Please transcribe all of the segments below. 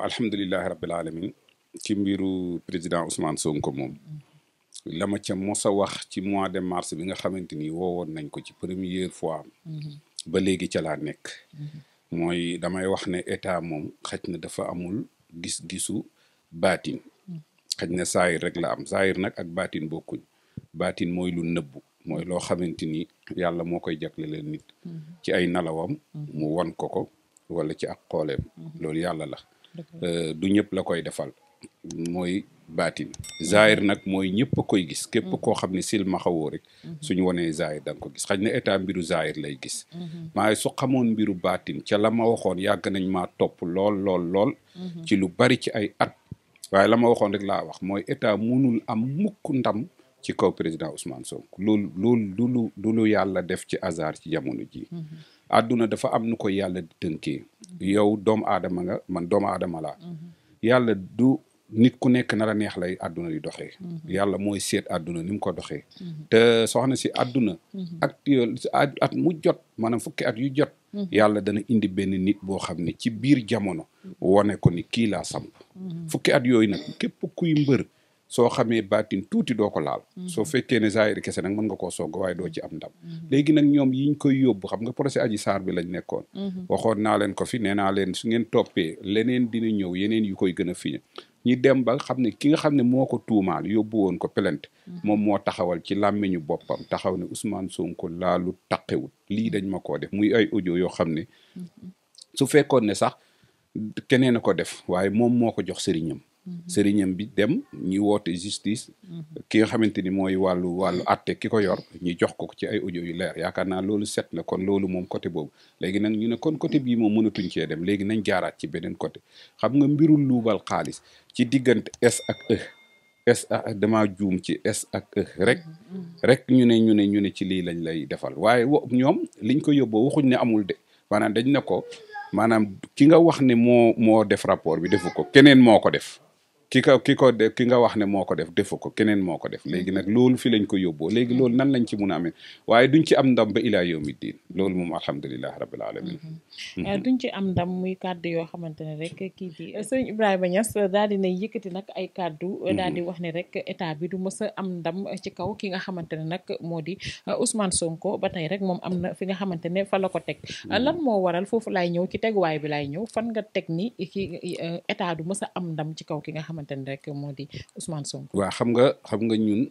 waaw alhamdulilahi rabbil alamin ci mbiru président Ousmane Sonko moom lama ma ca mos wax ci mois de mars bi nga xamante ni woowoon nañ ko ci première fois mm-hmm. ba léegi ca laa nekk mm-hmm. mooy damay wax ne état moom xaj na dafa amul gis-gisu baatin mm-hmm. xaj na saayir rek la am saayir nag ak baatin bokkuñ baatin mooy lu nëbbu mooy loo xamante ni yàlla moo koy jagleleen nit ci ay nalawam mu won ko ko wala ci ak xooleem loolu yàlla la Euh, du ñëpp la koy defal mooy baatin zaahir mhm. nag mooy ñëpp koy gis képp mhm. koo xam ne sil ma rek mhm. suñu wanee zaahir da nga ko gis xañ ne état mbiru zaahir lay gis may su xamoon mbiru baatin ca la ma waxoon yàgg nañ maa topp lool lool lool ci lu bari ci ay at waaye la ma waxoon rek laa wax mooy état munul am mukk ndam ci kaw président Ousmane Sonko loolu lu lu yàlla def ci hasard ci jamono ji àdduna dafa am nu ko yàlla tënkee yow doomu aadama nga man doomu adama la mhm. yàlla du nit ku nekk nar a neex lay àdduna di doxee mhm. yàlla mooy seet àdduna ni ko doxee mhm. te soxna si àdduna at mu jot maanaam fukki at yu jot yàlla dana indi benn nit boo xam ne ci biir jamono wane ko ni kii laa samp fukki at yooyu nag képp kuy mbër soo xamee baatin tuuti doo ko laal mhm. soo fekkee ne zaahir kese nag mën nga koo song waaye doo ci am ndam mhm. léegi nag ñoom yiñ koy yóbbu xam nga procès aji saar bi lañ nekkoon mhm. waxoon naa leen ko fi nee leen su ngeen toppee leneen dina ñëw yeneen yu koy gën a fiña ñi dem ba xam ne ki nga xam ne moo ko tuumaal yóbbu woon ko plainte moom moo taxawal ci làmmiñu boppam taxaw ne Ousmane Sonko laalu taqewut lii dañ ma koo def muy ay audio yoo xam ne su fekkoon ne sax keneen ko def waaye moom moo ko jox sëriñam Mm-hmm. sëriñam bi dem ñi woote justice mm-hmm. ki nga xamante ni mooy wàllu wàllu àtte mm-hmm. ki ko yor ñi jox ko ci ay audio yu leer yaakaar naa loolu set na kon loolu moom côté boobu léegi nag ñu ne kon côté bii moom mënatuñ cee dem léegi nañ jaraat ci beneen côté xam nga mbirul luubal xaalis ci diggante S ak e, S ak e, dama juum ci S ak e rek rek ñu ne ñu ne ñu ne ci lii lañ lay defal waaye ñoom liñ ko yóbboo waxuñ ne amul de maanaam dañ ne ko maanaam ki nga wax ne moo moo def rapport bi defu ko keneen moo ko def ki ko ki def ki ne moo ko def defu ko keneen moo ko def mm-hmm. léegi nag loolu fi lañ ko yóbboo léegi mm-hmm. loolu nan lañ ci mun a amee waaye duñ ci am ndam ba ilaa yawmi diin loolu moom alhamdulilah rabbil alamin mm-hmm. Eh, duñ ci am ndam muy kàddu yoo xamante ne rek kii di eh, sëñ Ibrahima Niass daal di nay yëkkati nag ay kàddu eh, daal di wax ne rek état bi du mës a am ndam ci kaw ki nga xamante ne nag moo di Ousmane Sonko ba tey rek moom am na fi nga xamante ne fa la ko teg lan moo waral foofu laay ñëw ci teguwaay bi laay ñëw fan nga teg ni ki du mës a am ndam ci ki nga xamante xamante rek moo di Ousmane Sonko. xam nga xam nga ñun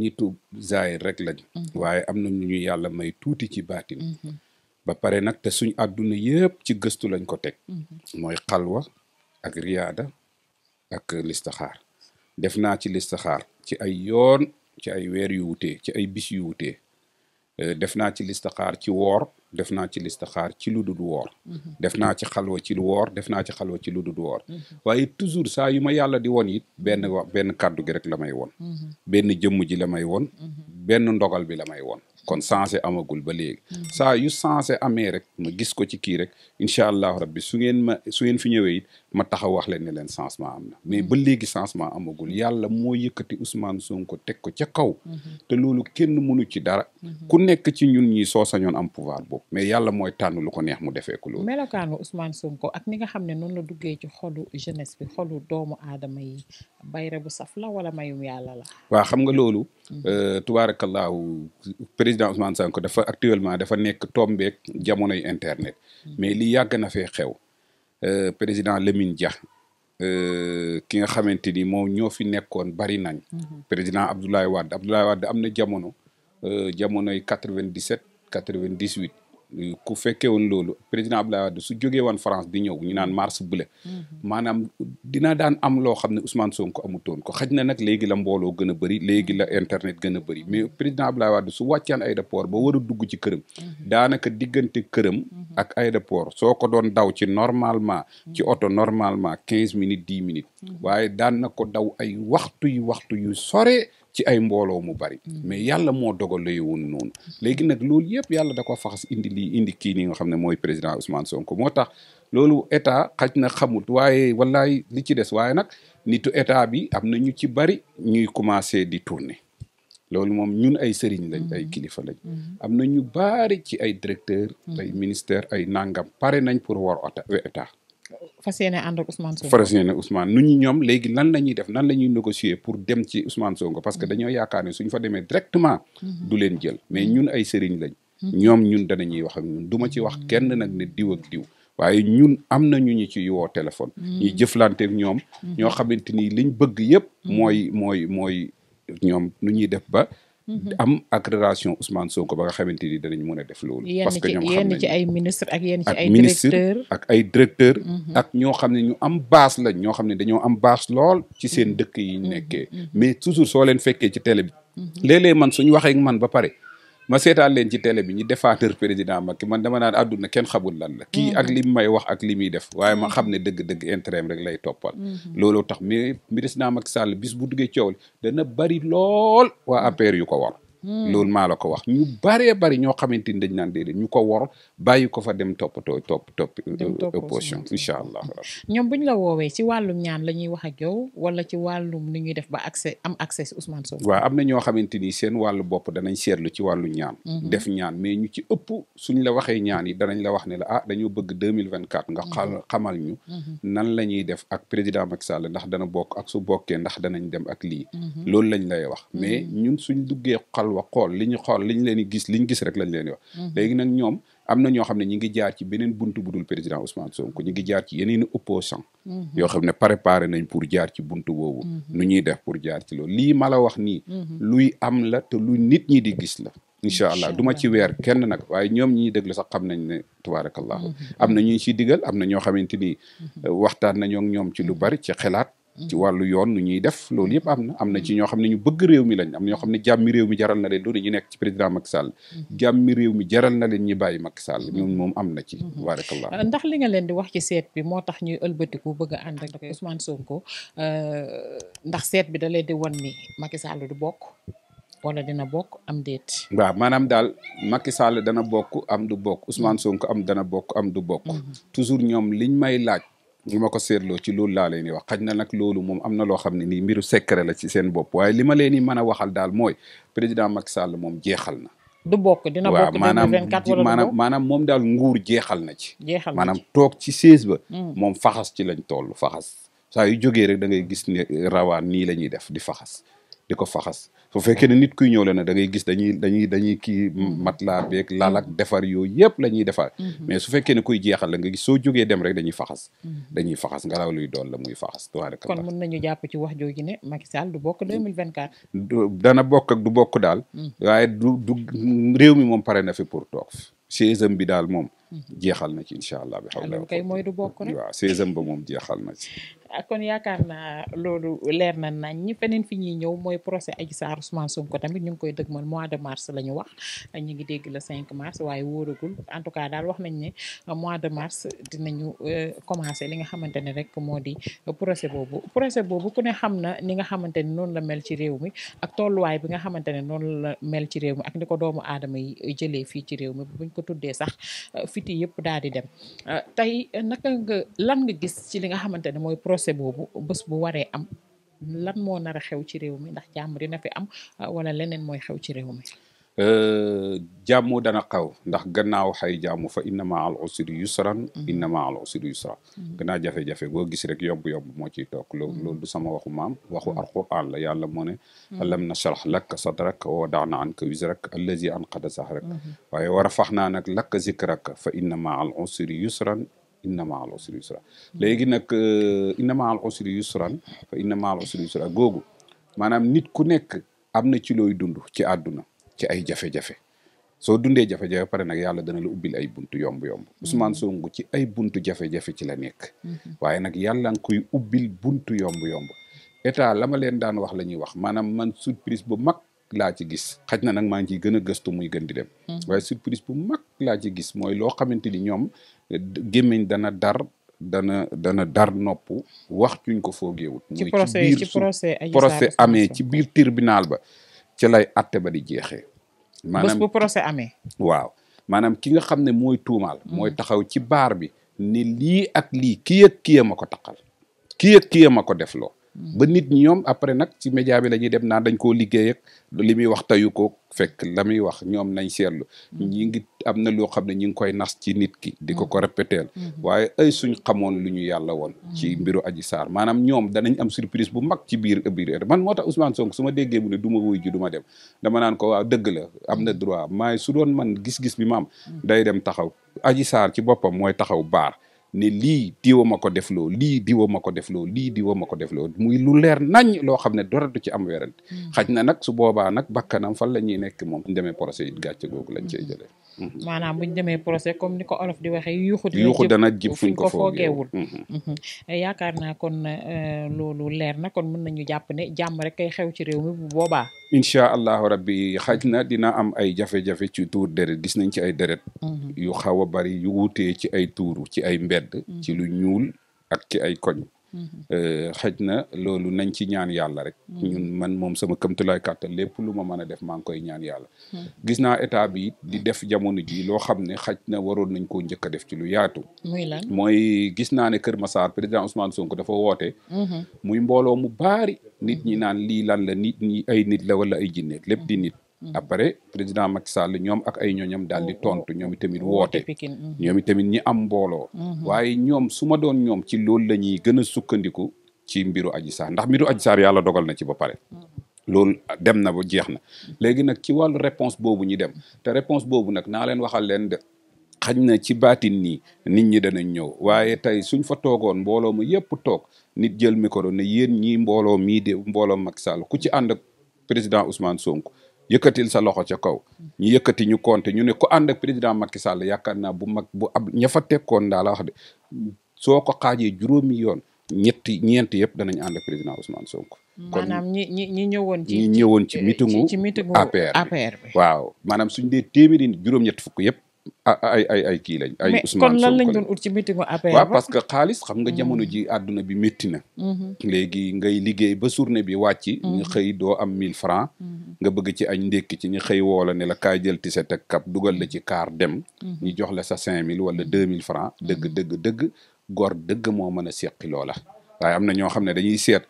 nitu zaahir rek lañ. Mhm. waaye am na ñu yàlla may tuuti ci baatin. Mhm. ba pare nag te suñ àdduna yëpp ci gëstu lañ ko teg. Mhm. mooy xalwa ak riyaada ak listaxaar def naa ci listaxaar ci ay yoon ci ay weer yu wutee ci ay bis yu wutee Euh, def naa ci listixaar ci woor def naa ci listixaar ci lu dul woor mhm. def naa ci xalwa ci lu woor def naa ci xalwa ci lu dul woor mhm. waaye toujours saa yu ma yàlla di woon it benn wax benn kàddu gi rek la may woon mhm. benn jëmm ji la may woon benn ndogal bi la may woon kon sensé amagul ba léegi saa yu sensé amee rek ma gis ko ci kii rek incha allahu rabbi su ngeen ma su ngeen fi ñëwee ma taxaw wax leen ne leen changement am na mais mm. ba léegi changement amagul yàlla moo yëkkati Ousmane Sonko teg ko ca kaw. Mm-hmm. te loolu kenn mënu ci dara. Mm-hmm. ku nekk ci ñun ñi soo sañoon am pouvoir boobu. mais yàlla mooy tànn lu ko neex mu defee ko loolu. melokaanu Ousmane Sonko ak ni nga xam ne noonu la duggee ci xolu jeunesse bi xolu doomu aadama yi bayre bu saf la wala mayum yàlla la. waaw xam nga loolu. Mm-hmm. Euh, tubaarakallaahu président Ousmane sanko dafa actuellement dafa nekk tombeek jamonoy internet. mais li yàgg na fee xew. Euh, président Lamine Dia euh, ki nga xamante ni moom ñoo fi nekkoon bari nañ. Mhm. président Abdoulaye Wade Abdoulaye Wade am na jamono euh, jamonoy quatre vingt dix sept quatre vingt dix huit ku fekkee woon loolu président Abdoulaye Wade su jógee woon France di ñëw ñu naan mm-hmm. mars bule mm-hmm. maanaam dina daan am loo xam ne Ousmane Sonko amutoon ko xaj na nag léegi la mbooloo gën a bëri léegi la internet gën a bëri mm-hmm. mais président Abdoulaye Wade su wàccaan aéroport ba war a dugg ci këram daanaka diggante këram ak aéroport soo ko doon daw ci normalement ci oto normalement quinze minutes dix minutes waaye daan na ko daw ay waxtu yu waxtu yu sore ci ay mbooloo mu bari mm. mais yàlla moo dogalee woon noonu léegi nag loolu yëpp yàlla da ko faxas indi lii indi kii nii nga xam ne mooy président Ousmane Sonko moo tax loolu état xaj na xamut waaye wallaay li ci des waaye nag nitu état bi am na ñu ci bari ñuy commencé di tourner loolu moom ñun ay sëriñ lañ ay mm. kilifa lañ mm. am na ñu bari ci ay directeur ay ministère ay nangam pare nañ pour war état fas yéene ànd ak Ousmane Sonko fas yéene Ousmane nu ñu ñoom léegi lan la ñuy def nan la ñuy négocier pour dem ci Ousmane Sonko parce que mm-hmm. dañoo yaakaar ne suñ fa demee directement. Mm-hmm. du leen jël mais ñun ay sëriñ lañ. Mm-hmm. ñoom ñun danañuy wax ñun du ci wax kenn diw ak diw. waaye ñun am na ci woo téléphone. ñuy jëflanteeg ñoom. ñoo xamante ni bëgg yëpp. mooy mooy ñoom nu ñuy def ba. Mhm. am ak relation Ousmane Sonko ba nga xamante ni danañ mën a def loolu. parce que ñoom xam nañ mhm. ñoo xam ne ñu am base lañ ñoo xam ne dañoo am base lool ci seen mhm. dëkk yi ñu nekkee mais toujours soo leen fekkee ci télé bi léeg-léeg man suñu waxee man ba pare ma seetaan leen ci télé bi ñu défendre président Macky man dama naan àdduna kenn xamul lan la. kii ak mm. li may wax ak li muy def. waaye ma mm. xam ne dëgg-dëgg intérêt rek lay toppal. Mm-hmm. looloo tax mais président Macky Sall bis bu duggee coow bari lool waa mm. APR yu ko war. Hmm. loolu maa la ko wax ñu baree bari ñoo xamante ni dañ naan déedéet ñu ko wor bàyyi ko fa dem top topp topp euh, opposition incha allah ñoom bu la woowee ci wàllum ñaan la ñuy wax ak yow wala ci wàllum ni ñuy def ba accès am accès si Ousmane Sonko waaw am na ñoo xamante ni seen wàllu bopp danañ seetlu ci wàllu ñaan hmm. def ñaan mais ñu ci ëpp suñ la waxee ñaan yi danañ la wax ne la a ah, dañoo bëgg 2024 nga xal hmm. xamal ñu nan la ñuy def ak président Macky Sall ndax dana bokk ak su bokkee ndax danañ dem ak lii loolu lañ lay wax mais wa xool li ñu xool li ñu leen di gis li ñu gis rek lañ leen di wax mhm. léegi nag ñoom am na ñoo xam ne ñi ngi jaar ci beneen buntu bu dul président Ousmane Sonko ñi ngi jaar ci yeneen opposant mhm. yoo xam ne préparé nañ pour jaar ci buntu boobu mhm. nu ñuy def pour jaar ci loolu lii ma la wax ni luy am la te lu nit ñi di gis la incha allah duma ci weer kenn nag waaye ñoom ñi déglu sax xam nañ ne tabaarakallahu am na ñu ci digal am na ñoo xamante ni waxtaan nañoo ñoom ci lu bari ci xelaat Mm. ci wàllu yoon nu ñuy def loolu mm. yëpp am na am na ci mm. ñoo xam ne ñu bëgg réew mi lañ am ñoo xam ne jàmmi réew mi jaral na leen loolu ñu nekk ci président Macky Sall mm-hmm. jàmmi réew mi jaral na leen ñi bàyyi Macky Sall mm-hmm. ñun moom am na ci mm-hmm. baarakallah euh, ndax li nga leen di wax ci seet bi moo tax ñuy ëlbatiku bëgg a ànd a Ousmane Sonko euh, ndax seet bi da leen di wan ni Macky Sall du bokk wala dina bokk am déet. waaw maanaam daal Macky Sall dana bokk am du bokk Ousmane sonk am dana bokk am du bokk toujours ñoom liñ may laaj bu ma ko seetloo ci loolu laa leen di wax xaj na nag loolu moom am na loo xam ne nii mbiru secret la ci seen bopp waaye li ma leen di mën a waxal daal mooy président Macky Sall moom jeexal na. du bokk na bokk 2024 wala maanaam maanaam moom daal nguur jeexal na ci. jeexal na maanaam toog ci siège ba. Mm. moom faxas ci lañ toll faxas. saa yu jógee rek da ngay gis ne rawaan nii la ñuy def di faxas. di ko faxas su fekkee ne nit kuy ñëw la ne da ngay gis dañuy dañuy dañuy kii matelas beeg lal ak defar yooyu yëpp la ñuy defar mhm. mais su fekkee ne kuy jeexal la nga gis soo jógee dem rek dañuy faxas mhm. dañuy faxas ngelaw luy doon la muy faxas kon mën nañu jàpp ci wax jooju ne Macky Sall du bokk 2024 dana bokk ak bokk daal mhm. waaye du du réew mi moom pare na fi pour toog saison bi daal moom jeexal na ci incha allah bi xaw ah, kay mooy du bokk rek waaw ba moom jeexal na ci kon yaakaar naa loolu leer na nañ ñi feneen fi ñuy ñëw mooy procès Adji Sarr Ousmane Sonko tamit ñu ngi koy dëgmal mois de mars la ñu wax ñu ngi dégg le 5 mars waaye wóoragul en tout cas daal wax nañ ne mois de mars dinañu euh, commencé li nga xamante ne rek moo di procès boobu procès boobu ku ne xam na ni nga xamante ne noonu la mel ci réew mi ak tolluwaay bi nga xamante ne noonu la mel ci réew mi ak ni ko doomu aadama yi jëlee fii ci réew mi buñ ko tuddee sax euh, fiti yëpp daal di dem euh, tey naka procès boobu s bu waree am lan moo nar xew ci réew mi ndax jàmm dina fi am ah, wala leneen mooy xew ci réew mi. Euh, jàmm dana xew ndax gannaaw xay jàmm fa innama al usri yusran mm-hmm. innama al usri yusra mm-hmm. gannaaw jafe-jafe boo gis rek yomb-yomb moo ciy toog mm-hmm. loolu sama waxu maam waxu alquran la yàlla moo ne alam nashrah laka sadrak wa rek anka wizrak allazi anqada zahrak waaye wa rafahnaa nag laka zikrak fa innama al usri yusran inna maal usri yusra léegi nag inna maal usri yusran fa inna googu maanaam nit ku nekk am na ci looy dund ci àdduna ci ay jafe-jafe soo dundee jafe-jafe pare nag yàlla dana la ubbil ay buntu yomb-yomb Ousmane Sonko ci ay buntu jafe ci la nekk nag yàlla nga koy ubbil buntu yomb-yomb état la leen daan wax la ñuy wax maanaam man surprise bu mag laa ci gis xaj na nag maa ngi ciy gën a gëstu muy gën di dem waaye surprise bu mag laa ci gis mooy loo xamante ni ñoom gémmiñ dana dar dana dana dar nopp wax cuñ ko foogeewut muy ci procès amee ci biir tribunal ba ca lay atte ba di jeexee maanaam bu procès amee waaw maanaam ki nga xam ne mooy tuumaal hmm. mooy taxaw ci baar bi ne lii ak lii kii ak kii ma ko taqal kii ak kii ma ko def loo ba nit ñoom après nag ci média bi la ñuy dem naan dañ koo liggéey ak li muy wax ko fekk la muy wax ñoom nañ seetlu mm-hmm. ñi ngi am na loo xam ne ñi ngi koy nas ci nit ki di ko ko mm-hmm. répéteel mm-hmm. waaye ay suñ xamoon lu ñu yàlla woon ci mbiru Adji saar maanaam ñoom danañ am surprise bu mag ci biir biir man moo tax Ousmane Sonko su ma déggee mu ne du ma wuy ji ma dem dama naan ko waaw dëgg la am na droit maay su doon man gis-gis bi ma day dem taxaw aji saar ci boppam mooy taxaw baar ne lii diwa ma ko defloo lii diwa ma ko defloo lii diwa ma ko defloo lu leer nañ loo xam ne dara du ci am werante mm. xaj na nag su boobaa nag bakkanam fan la ñuy nekk moom. demee procès yi gàcce googu lañ la jëlee. Mm-hmm. maanaam bu ñu demee procès comme ni ko olof di waxee yuuxu yuuxu dana jib fuñ ko foogeewul mm-hmm. Mm-hmm. Eh, yaakaar naa kon eh, loolu leer na kon mun mën ñu jàpp ne jàmm rek kay xew ci réew mi bu boobaa incha allahu rabbi xaj na dina am ay jafe-jafe ci tuur deret gis nañ ci ay deret yu xaw a bari yu wutee ci ay tuuru ci ay mbedd ci lu ñuul ak ci ay koñ Euh, xëj na loolu nañ ci ñaan yàlla rek. Mm-hmm. ñun man moom sama këmtulaay kàttan lépp lu ma mën a def maa ngi koy ñaan yàlla. Mm-hmm. gis naa état bi di def jamono ji loo xam ne xaj na waro nañ koo njëkk a def ci lu yaatu. mooy gis naa ne Kër Massar président Ousmane Sonko dafa woote. Mm-hmm. muy mbooloo mu baari. nit ñi naan li lan la nit ñi ay nit la wala ay jinne lépp di nit. Mm-hmm. après président Macky Sall ñoom ak ay ñooñam daal di oh, oh, oh. tontu ñoom tamit woote. Mm-hmm. ñoom tamit ñi am mbooloo. Mm-hmm. waaye ñoom su ma doon ñoom ci loolu la ñuy gën a sukkandiku ci mbiru Adji Sarr ndax mbiru Adji Sarr yàlla dogal na ci ba pare. loolu dem na ba jeex na. léegi nag ci wàllu réponse boobu ñu dem te réponse boobu nag naa leen waxal leen de. xañ na ci baatin nii nit ñi danañ ñëw waaye tey suñ fa toogoon mbooloo ma yépp toog nit jël micro ne yéen ñii mbooloo mii de mbooloo Macky Sall ku ci ànd ak président Ousmane Sonko yëkkatil sa loxo ca kaw ñu yëkkati ñu compte ñu ne ko ànd ak président Macky Sall yaakaar naa bu mag bu ab ña fa tekkoon daa la wax de soo ko xaajee juróomi yoon ñetti ñeenti yëpp danañ ànd ak président Ousmane Sonko. kon maanaam ñi ñi ñi ñëwoon. ci ñi ñëwoon ci mitingu APR bi waaw maanaam suñ dee téeméeri juróom-ñett fukk yëpp. ay ay ay kii lañ. ay Ousmane Sonko kon ci meeting wu parce que xaalis xam nga mm. jamono ji adduna bi métti na. Mm-hmm. léegi ngay liggéey ba journée bi wàcc. ñu mm-hmm. xëy doo am 1000 francs mm-hmm. nga bëgg ci añ ndékki ci ñu xëy woola ne la kaay jël tiset ak kap dugal la ci kaar dem. ñu jox la sa 5000 wala 2000 francs dëgg dëgg dëgg gor dëgg moo mën a seqi loola. waaye am na ñoo xam ne dañuy seet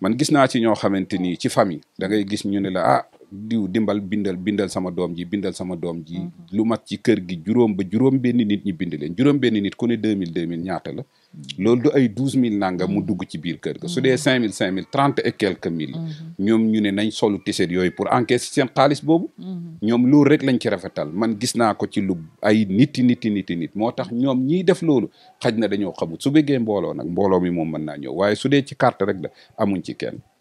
man gis naa ci ñoo xamante ni ci famille da ngay gis ñu ne la ah. diw dimbal bindal bindal sama doom ji bindal sama doom ji mhm. lu mat ci kër gi juróom ba juróom benn nit ñi bind leen juróom benn nit ku ne deux mille deux mille ñaata la mhm. lool du ay douze mille nangam mu mhm. dugg ci biir kër ga su dee cinq mille cinq mille trente e quelques mille ñoom ñu ne nañ solu tiset yooyu pour encaisser seen xaalis boobu ñoom loolu rek lañ ci rafetal man gis naa ko ci lu ay niti niti niti nit moo tax ñoom ñiy def loolu xaj na dañoo xamut su bëggee mbooloo nag mbooloo mi moom mën naa ñëw waaye su dee ci carte rek la ci kenn